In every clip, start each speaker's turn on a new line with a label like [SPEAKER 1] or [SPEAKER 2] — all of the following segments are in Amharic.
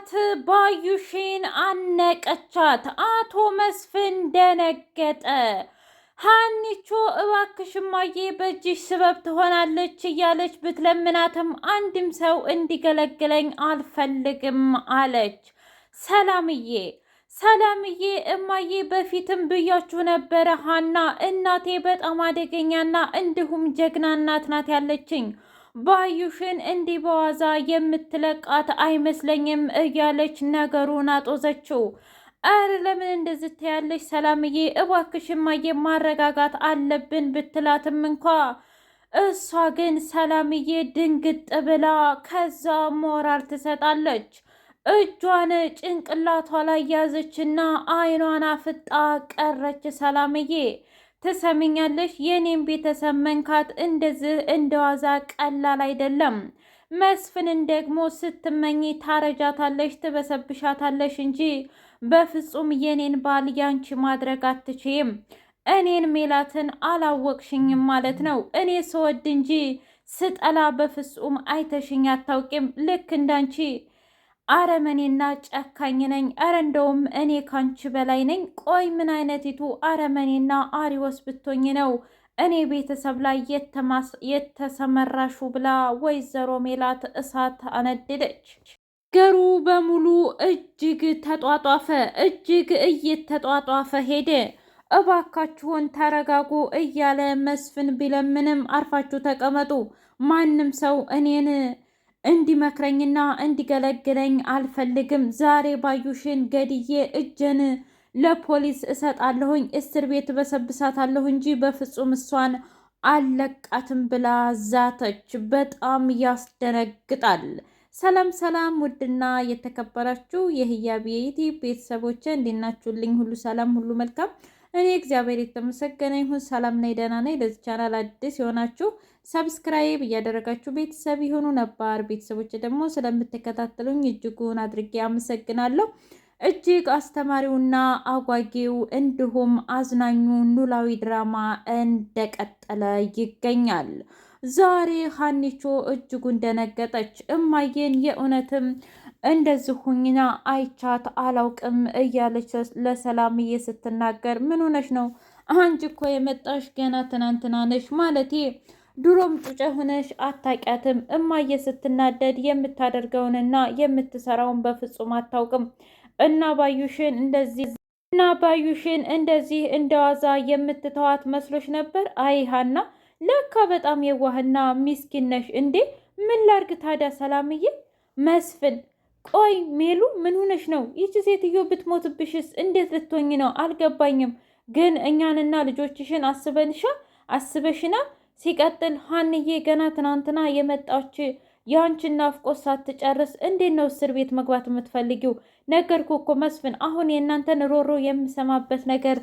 [SPEAKER 1] ሜላት ባዩሽን አነቀቻት። አቶ መስፍን ደነገጠ። ሀኒቾ እባክሽ እማዬ በእጅሽ ስበብ ትሆናለች እያለች ብትለምናትም አንድም ሰው እንዲገለግለኝ አልፈልግም አለች። ሰላምዬ ሰላምዬ እማዬ በፊትም ብያችሁ ነበረ ሀና እናቴ በጣም አደገኛና እንዲሁም ጀግና እናት ናት ያለችኝ ባዩሽን እንዲህ በዋዛ የምትለቃት አይመስለኝም እያለች ነገሩን አጦዘችው። አረ ለምን እንደዚህ ትያለሽ ሰላምዬ፣ እባክሽማ የማረጋጋት አለብን ብትላትም እንኳ እሷ ግን ሰላምዬ ድንግጥ ብላ ከዛ ሞራል ትሰጣለች። እጇን ጭንቅላቷ ላይ ያዘችና አይኗን አፍጣ ቀረች ሰላምዬ። ትሰምኛለሽ? የኔም ቤተሰብ መንካት እንደዚህ እንደዋዛ ቀላል አይደለም። መስፍንን ደግሞ ስትመኝ ታረጃታለሽ፣ ትበሰብሻታለሽ እንጂ በፍጹም የኔን ባል ያንቺ ማድረግ አትችይም። እኔን ሜላትን አላወቅሽኝም ማለት ነው። እኔ ስወድ እንጂ ስጠላ በፍጹም አይተሽኝ አታውቂም። ልክ እንዳንቺ አረመኔና ጨካኝ ነኝ። አረ እንደውም እኔ ካንቺ በላይ ነኝ። ቆይ ምን አይነቲቱ አረመኔና አሪወስ ብቶኝ ነው እኔ ቤተሰብ ላይ የተሰመራሹ? ብላ ወይዘሮ ሜላት እሳት አነደደች። ገሩ በሙሉ እጅግ ተጧጧፈ፣ እጅግ እየተጧጧፈ ሄደ። እባካችሁን ተረጋጉ እያለ መስፍን ቢለምንም አርፋችሁ ተቀመጡ፣ ማንም ሰው እኔን እንዲመክረኝና እንዲገለግለኝ አልፈልግም። ዛሬ ባዩሽን ገድዬ እጄን ለፖሊስ እሰጣለሁኝ፣ እስር ቤት በሰብሳታለሁ እንጂ በፍጹም እሷን አለቃትም ብላ ዛተች። በጣም ያስደነግጣል።
[SPEAKER 2] ሰላም ሰላም! ውድና የተከበራችሁ የህያብ የዩቲዩብ ቤተሰቦቼ እንዴት ናችሁልኝ? ሁሉ ሰላም፣ ሁሉ መልካም እኔ እግዚአብሔር የተመሰገነ ይሁን። ሰላም ነኝ፣ ደህና ነኝ። ለዚህ ቻናል አዲስ የሆናችሁ ሰብስክራይብ እያደረጋችሁ ቤተሰብ የሆኑ ነባር ቤተሰቦች ደግሞ ስለምትከታተሉኝ እጅጉን አድርጌ አመሰግናለሁ። እጅግ አስተማሪውና አጓጊው እንዲሁም አዝናኙ ኖላዊ ድራማ እንደቀጠለ ይገኛል። ዛሬ ሀኒቾ እጅጉን ደነገጠች። እማዬን የእውነትም እንደዚህ ሁኝና አይቻት አላውቅም እያለች ለሰላምዬ ስትናገር ምን ሆነሽ ነው አንቺ እኮ የመጣሽ ገና ትናንትና ነሽ ማለቴ ድሮም ጩጬ ሆነሽ አታውቂያትም እማዬ ስትናደድ የምታደርገውንና የምትሰራውን በፍጹም አታውቅም እና ባዩሽን እንደዚህ እና ባዩሽን እንደዚህ እንደዋዛ የምትተዋት መስሎች ነበር አይሃና ለካ በጣም የዋህና ሚስኪን ነሽ እንዴ ምን ላርግ ታዲያ ሰላምዬ መስፍን ቆይ ሜሉ ምን ሆነሽ ነው? ይቺ ሴትዮ ብትሞትብሽስ እንዴት ልትሆኝ ነው? አልገባኝም። ግን እኛንና ልጆችሽን አስበንሻ አስበሽና ሲቀጥል ሀንዬ ገና ትናንትና የመጣች የአንቺን ናፍቆት ሳትጨርስ እንዴት ነው እስር ቤት መግባት የምትፈልጊው? ነገርኩ እኮ መስፍን፣ አሁን የእናንተን ሮሮ የምሰማበት ነገር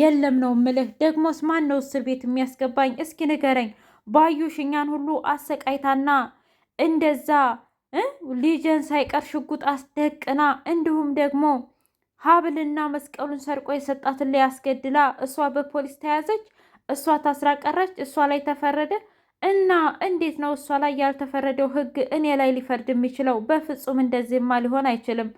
[SPEAKER 2] የለም ነው ምልህ። ደግሞስ ማን ነው እስር ቤት የሚያስገባኝ? እስኪ ንገረኝ። ባዩሽ እኛን ሁሉ አሰቃይታና እንደዛ ልጅን ሳይቀር ሽጉጥ አስደቅና እንዲሁም ደግሞ ሀብልና መስቀሉን ሰርቆ የሰጣትን ላይ አስገድላ እሷ በፖሊስ ተያዘች፣ እሷ ታስራ ቀረች፣ እሷ ላይ ተፈረደ። እና እንዴት ነው እሷ ላይ ያልተፈረደው ህግ እኔ ላይ ሊፈርድ የሚችለው? በፍጹም እንደዚህማ ሊሆን አይችልም።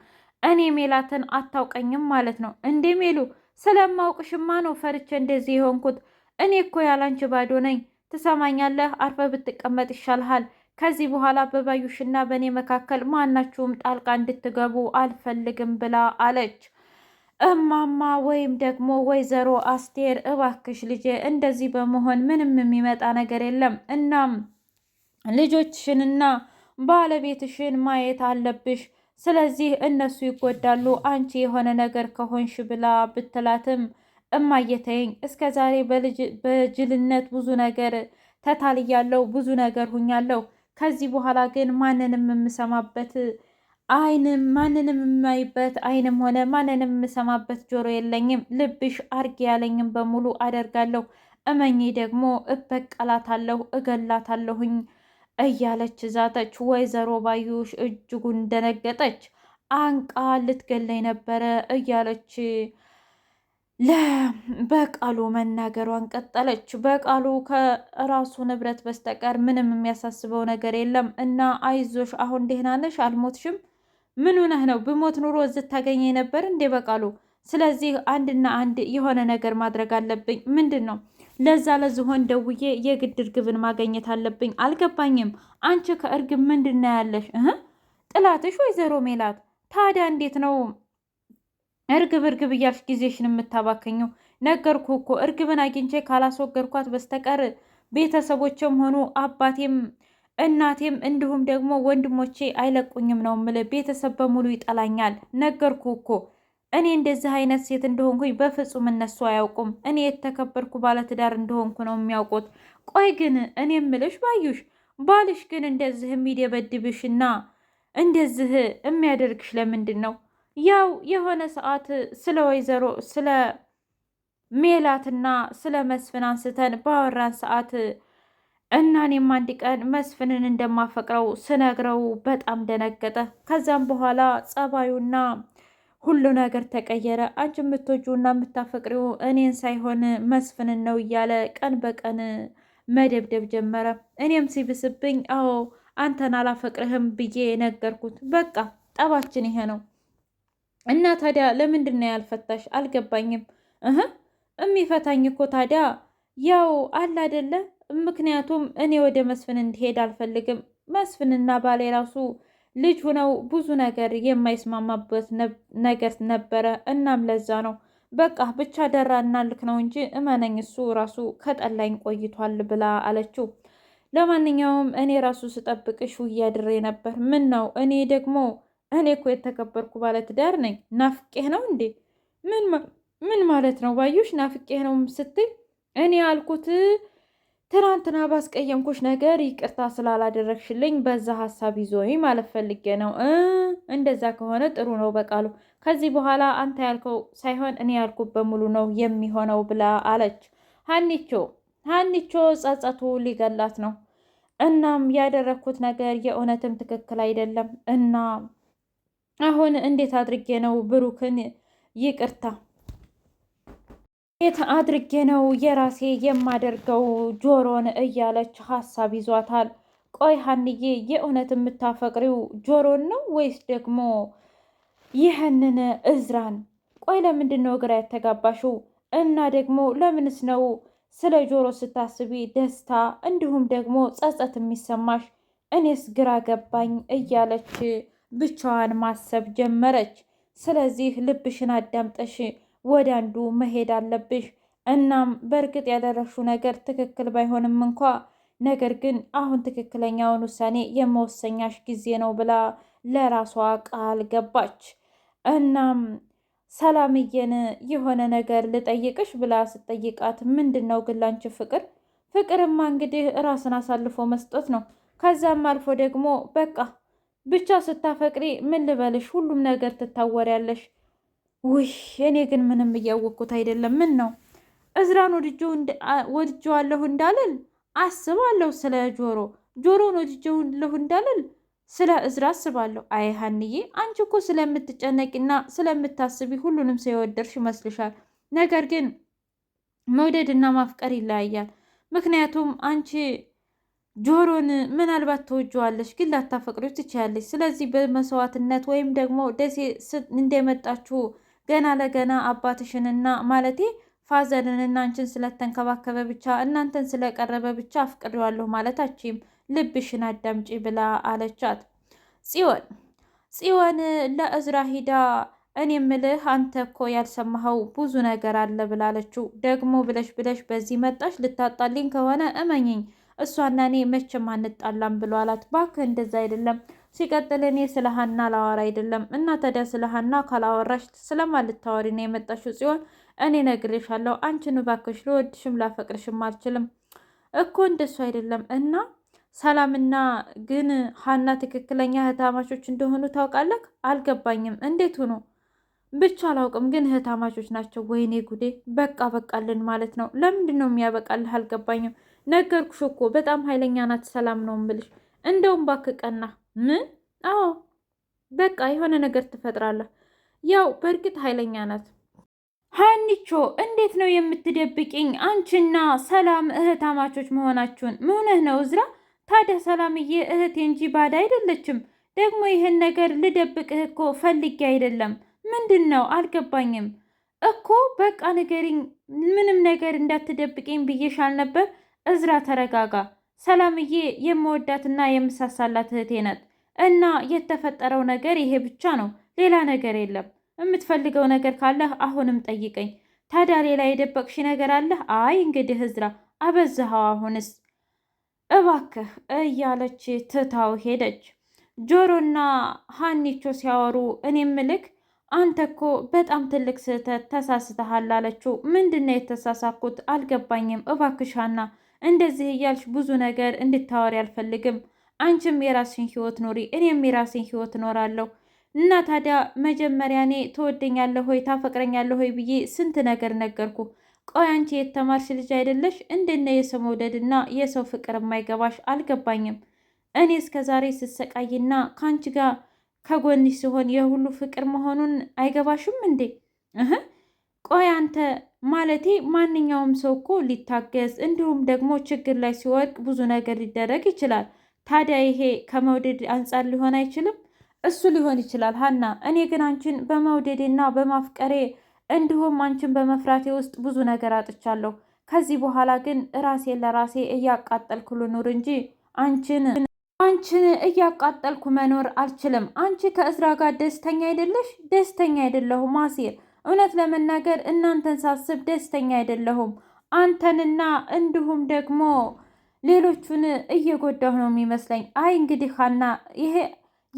[SPEAKER 2] እኔ ሜላትን አታውቀኝም ማለት ነው እንዴ? ሜሉ ስለማውቅሽማ ነው ፈርቼ እንደዚህ የሆንኩት። እኔ እኮ ያላንቺ ባዶ ነኝ። ትሰማኛለህ? አርፈ ብትቀመጥ ይሻልሃል። ከዚህ በኋላ በባዩሽና በእኔ መካከል ማናችሁም ጣልቃ እንድትገቡ አልፈልግም ብላ አለች። እማማ ወይም ደግሞ ወይዘሮ አስቴር እባክሽ ልጄ፣ እንደዚህ በመሆን ምንም የሚመጣ ነገር የለም። እናም ልጆችሽንና ባለቤትሽን ማየት አለብሽ። ስለዚህ እነሱ ይጎዳሉ፣ አንቺ የሆነ ነገር ከሆንሽ ብላ ብትላትም እማየተይኝ እስከ ዛሬ በጅልነት ብዙ ነገር ተታልያለው ብዙ ነገር ሁኛለሁ ከዚህ በኋላ ግን ማንንም የምሰማበት አይንም ማንንም የማይበት አይንም ሆነ ማንንም የምሰማበት ጆሮ የለኝም። ልብሽ አርጌ ያለኝም በሙሉ አደርጋለሁ። እመኚ ደግሞ እበቀላታለሁ፣ እገላታለሁኝ እያለች ዛተች። ወይዘሮ ባዩሽ እጅጉን ደነገጠች። አንቃ ልትገለኝ ነበረ እያለች ለበቃሉ መናገሯን ቀጠለች። በቃሉ ከራሱ ንብረት በስተቀር ምንም የሚያሳስበው ነገር የለም እና አይዞሽ፣ አሁን ደህና ነሽ፣ አልሞትሽም። ምን ሆነህ ነው? ብሞት ኑሮ እዚህ ታገኘኝ ነበር እንዴ በቃሉ? ስለዚህ አንድና አንድ የሆነ ነገር ማድረግ አለብኝ። ምንድን ነው? ለዛ ለዝሆን ደውዬ የግድ እርግብን ማገኘት አለብኝ። አልገባኝም። አንቺ ከእርግብ ምንድን ነው ያለሽ? ጥላትሽ ወይዘሮ ሜላት ታዲያ እንዴት ነው እርግብ እርግብ እያልሽ ጊዜሽን የምታባክኘው ነገርኩ እኮ እርግብን አግኝቼ ካላስወገድኳት በስተቀር ቤተሰቦችም ሆኑ አባቴም እናቴም እንዲሁም ደግሞ ወንድሞቼ አይለቁኝም ነው ምል ቤተሰብ በሙሉ ይጠላኛል። ነገርኩ እኮ እኔ እንደዚህ አይነት ሴት እንደሆንኩኝ በፍጹም እነሱ አያውቁም። እኔ የተከበርኩ ባለትዳር እንደሆንኩ ነው የሚያውቁት። ቆይ ግን እኔ ምልሽ ባዩሽ፣ ባልሽ ግን እንደዚህ የሚደበድብሽ እና እንደዚህ የሚያደርግሽ ለምንድን ነው? ያው የሆነ ሰዓት ስለ ወይዘሮ ስለ ሜላትና ስለ መስፍን አንስተን ባወራን ሰዓት እና እኔም አንድ ቀን መስፍንን እንደማፈቅረው ስነግረው በጣም ደነገጠ። ከዛም በኋላ ጸባዩና ሁሉ ነገር ተቀየረ። አንቺ የምትወጂውና የምታፈቅሪው እኔን ሳይሆን መስፍንን ነው እያለ ቀን በቀን መደብደብ ጀመረ። እኔም ሲብስብኝ፣ አዎ አንተን አላፈቅርህም ብዬ ነገርኩት። በቃ ጠባችን ይሄ ነው። እና ታዲያ ለምንድን ነው ያልፈታሽ? አልገባኝም። እህ እሚፈታኝ እኮ ታዲያ ያው አለ አይደለ? ምክንያቱም እኔ ወደ መስፍን እንድሄድ አልፈልግም። መስፍንና ባሌ ራሱ ልጅ ሆነው ብዙ ነገር የማይስማማበት ነገር ነበረ። እናም ለዛ ነው በቃ ብቻ ደራ እናልክ ነው እንጂ እመነኝ እሱ ራሱ ከጠላኝ ቆይቷል ብላ አለችው። ለማንኛውም እኔ ራሱ ስጠብቅሽ ውያድሬ ነበር። ምን ነው እኔ ደግሞ እኔ እኮ የተከበርኩ ባለትዳር ነኝ። ናፍቄህ ነው እንዴ? ምን ማለት ነው ባዩሽ? ናፍቄህ ነው ስትይ እኔ ያልኩት ትናንትና ባስቀየምኩሽ ነገር ይቅርታ ስላላደረግሽልኝ በዛ ሀሳብ ይዞኝ ማለት ፈልጌ ነው። እንደዛ ከሆነ ጥሩ ነው በቃሉ። ከዚህ በኋላ አንተ ያልከው ሳይሆን እኔ ያልኩት በሙሉ ነው የሚሆነው ብላ አለች ሀኒቾ። ሀኒቾ ጸጸቱ ሊገላት ነው። እናም ያደረግኩት ነገር የእውነትም ትክክል አይደለም እና አሁን እንዴት አድርጌ ነው ብሩክን ይቅርታ እንዴት አድርጌ ነው የራሴ የማደርገው ጆሮን እያለች ሀሳብ ይዟታል። ቆይ ሀንዬ የእውነት የምታፈቅሪው ጆሮን ነው ወይስ ደግሞ ይህንን እዝራን? ቆይ ለምንድን ነው ግራ ያተጋባሽው? እና ደግሞ ለምንስ ነው ስለ ጆሮ ስታስቢ ደስታ እንዲሁም ደግሞ ጸጸት የሚሰማሽ? እኔስ ግራ ገባኝ እያለች ብቻዋን ማሰብ ጀመረች። ስለዚህ ልብሽን አዳምጠሽ ወደ አንዱ መሄድ አለብሽ። እናም በእርግጥ ያደረግሽው ነገር ትክክል ባይሆንም እንኳ ነገር ግን አሁን ትክክለኛውን ውሳኔ የመወሰኛሽ ጊዜ ነው ብላ ለራሷ ቃል ገባች። እናም ሰላምዬን የሆነ ነገር ልጠይቅሽ ብላ ስጠይቃት ምንድን ነው ግን ላንቺ ፍቅር? ፍቅርማ እንግዲህ ራስን አሳልፎ መስጠት ነው። ከዛም አልፎ ደግሞ በቃ ብቻ ስታፈቅሪ ምን ልበልሽ፣ ሁሉም ነገር ትታወሪያለሽ። ውይ እኔ ግን ምንም እያወቅኩት አይደለም። ምን ነው እዝራን ወድጀዋለሁ እንዳልል አስባለሁ። ስለ ጆሮ ጆሮን ወድጀዋለሁ እንዳልል ስለ እዝራ አስባለሁ። አይ ሀንዬ፣ አንቺ እኮ ስለምትጨነቂና ስለምታስቢ ሁሉንም ሰው የወደድሽ ይመስልሻል። ነገር ግን መውደድና ማፍቀር ይለያያል። ምክንያቱም አንቺ ጆሮን ምናልባት ተወጀዋለች ግን ላታፈቅዶች ትችያለች። ስለዚህ በመስዋዕትነት ወይም ደግሞ ደሴ እንደመጣችሁ ገና ለገና አባትሽንና ማለቴ ፋዘርንና አንቺን ስለተንከባከበ ብቻ እናንተን ስለቀረበ ብቻ አፍቅሬዋለሁ ማለት አችም ልብሽን አዳምጪ ብላ አለቻት። ጽዮን ጽዮን ለእዝራ ሂዳ እኔ ምልህ አንተ እኮ ያልሰማኸው ብዙ ነገር አለ ብላለችው። ደግሞ ብለሽ ብለሽ በዚህ መጣሽ ልታጣልኝ ከሆነ እመኝኝ እሷና እኔ መቼም አንጣላም ብሎ አላት። እባክህ እንደዛ አይደለም። ሲቀጥል እኔ ስለ ሀና ላወራ አይደለም እና ታዲያ ስለ ሀና ካላወራሽ ስለማልታወሪ ነው የመጣሽው ሲሆን እኔ ነግሬሻለሁ። አንቺን እባክሽ ልወድሽም ላፈቅርሽም አልችልም እኮ እንደሱ አይደለም እና ሰላምና ግን ሀና ትክክለኛ እህታማቾች እንደሆኑ ታውቃለህ? አልገባኝም። እንዴት ሆኖ ብቻ አላውቅም፣ ግን እህታማቾች ናቸው። ወይኔ ጉዴ! በቃ በቃልን ማለት ነው። ለምንድን ነው የሚያበቃልህ? አልገባኝም። ነገርኩሽ እኮ በጣም ኃይለኛ ናት። ሰላም ነው እምልሽ። እንደውም ባክቀና ቀና። ምን? አዎ በቃ የሆነ ነገር ትፈጥራለህ። ያው በእርግጥ ኃይለኛ ናት። ሀኒቾ እንዴት ነው የምትደብቅኝ? አንቺና ሰላም እህታማቾች መሆናችሁን ምሁነህ ነው እዝራ። ታዲያ ሰላምዬ እህቴ እንጂ ባድ አይደለችም። ደግሞ ይህን ነገር ልደብቅህ እኮ ፈልጌ አይደለም። ምንድን ነው አልገባኝም እኮ። በቃ ንገሪኝ፣ ምንም ነገር እንዳትደብቅኝ ብዬሽ አልነበር? እዝራ ተረጋጋ። ሰላምዬ የምወዳትና የምሳሳላት እህቴ ናት እና የተፈጠረው ነገር ይሄ ብቻ ነው፣ ሌላ ነገር የለም። የምትፈልገው ነገር ካለህ አሁንም ጠይቀኝ። ታዲያ ሌላ የደበቅሽ ነገር አለህ? አይ እንግዲህ እዝራ አበዛኸው፣ አሁንስ እባክህ እያለች ትታው ሄደች። ጆሮና ሀኒቾ ሲያወሩ እኔ ምልክ አንተ እኮ በጣም ትልቅ ስህተት ተሳስተሃል አለችው። ምንድነው የተሳሳኩት? አልገባኝም እባክሻና እንደዚህ እያልሽ ብዙ ነገር እንድታወሪ አልፈልግም። አንቺም የራስሽን ህይወት ኖሪ፣ እኔም የራሴን ህይወት እኖራለሁ። እና ታዲያ መጀመሪያ እኔ ትወደኛለህ ሆይ ታፈቅረኛለህ ሆይ ብዬ ስንት ነገር ነገርኩ። ቆይ አንቺ የተማርሽ ልጅ አይደለሽ? እንደነ የሰው መውደድና የሰው ፍቅር የማይገባሽ አልገባኝም። እኔ እስከ ዛሬ ስሰቃይና ከአንቺ ጋር ከጎንሽ ሲሆን የሁሉ ፍቅር መሆኑን አይገባሽም እንዴ? ቆይ አንተ ማለቴ ማንኛውም ሰው እኮ ሊታገዝ እንዲሁም ደግሞ ችግር ላይ ሲወድቅ ብዙ ነገር ሊደረግ ይችላል። ታዲያ ይሄ ከመውደድ አንጻር ሊሆን አይችልም? እሱ ሊሆን ይችላል ሀና። እኔ ግን አንቺን በመውደዴና በማፍቀሬ እንዲሁም አንቺን በመፍራቴ ውስጥ ብዙ ነገር አጥቻለሁ። ከዚህ በኋላ ግን ራሴን ለራሴ እያቃጠልኩ ልኑር እንጂ አንቺን አንቺን እያቃጠልኩ መኖር አልችልም። አንቺ ከእዝራ ጋር ደስተኛ አይደለሽ? ደስተኛ አይደለሁ ማሴር እውነት ለመናገር እናንተን ሳስብ ደስተኛ አይደለሁም። አንተንና እንዲሁም ደግሞ ሌሎቹን እየጎዳሁ ነው የሚመስለኝ። አይ እንግዲህ ሀና፣ ይሄ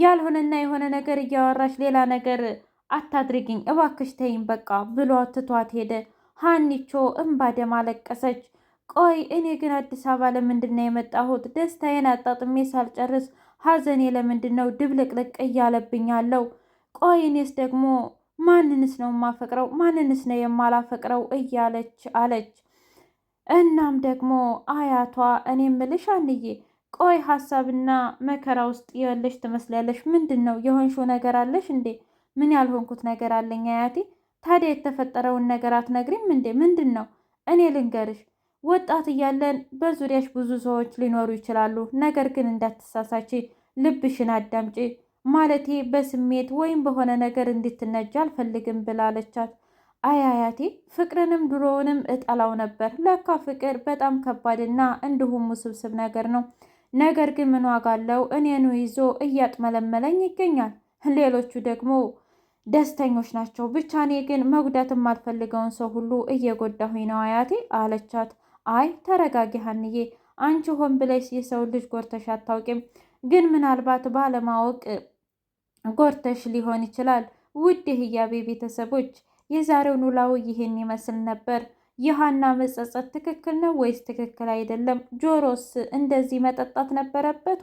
[SPEAKER 2] ያልሆነና የሆነ ነገር እያወራሽ ሌላ ነገር አታድርግኝ እባክሽ ተይኝ በቃ ብሎ ትቷት ሄደ። ሀኒቾ እምባ አለቀሰች። ቆይ እኔ ግን አዲስ አበባ ለምንድን ነው የመጣሁት? ደስታዬን አጣጥሜ ሳልጨርስ ሀዘኔ ለምንድን ነው ድብልቅልቅ እያለብኝ አለው? ቆይ እኔስ ደግሞ ማንንስ ነው የማፈቅረው? ማንንስ ነው የማላፈቅረው? እያለች አለች። እናም ደግሞ አያቷ እኔ ምልሽ አንዬ ቆይ ሀሳብና መከራ ውስጥ የለሽ ትመስላለሽ። ምንድን ነው የሆንሽው ነገር አለሽ እንዴ? ምን ያልሆንኩት ነገር አለኝ አያቴ። ታዲያ የተፈጠረውን ነገር አትነግሪም እንዴ? ምንድን ነው? እኔ ልንገርሽ፣ ወጣት እያለን በዙሪያሽ ብዙ ሰዎች ሊኖሩ ይችላሉ። ነገር ግን እንዳትሳሳቺ፣ ልብሽን አዳምጪ። ማለቴ በስሜት ወይም በሆነ ነገር እንድትነጃ አልፈልግም ብላለቻት። አያያቴ ፍቅርንም ድሮውንም እጠላው ነበር። ለካ ፍቅር በጣም ከባድና እንዲሁም ውስብስብ ነገር ነው። ነገር ግን ምን ዋጋ አለው? እኔኑ ይዞ እያጥመለመለኝ ይገኛል። ሌሎቹ ደግሞ ደስተኞች ናቸው። ብቻ እኔ ግን መጉዳት የማልፈልገውን ሰው ሁሉ እየጎዳሁኝ ነው አያቴ አለቻት። አይ ተረጋጊ ሀንዬ፣ አንቺ ሆን ብለሽ የሰው ልጅ ጎርተሽ አታውቂም። ግን ምናልባት ባለማወቅ ጎርተሽ ሊሆን ይችላል። ውድ የህያቤ ቤተሰቦች የዛሬው ኖላዊ ይህን ይመስል ነበር። የሀና መጸጸት ትክክል ነው ወይስ ትክክል አይደለም? ጆሮስ እንደዚህ መጠጣት ነበረበት?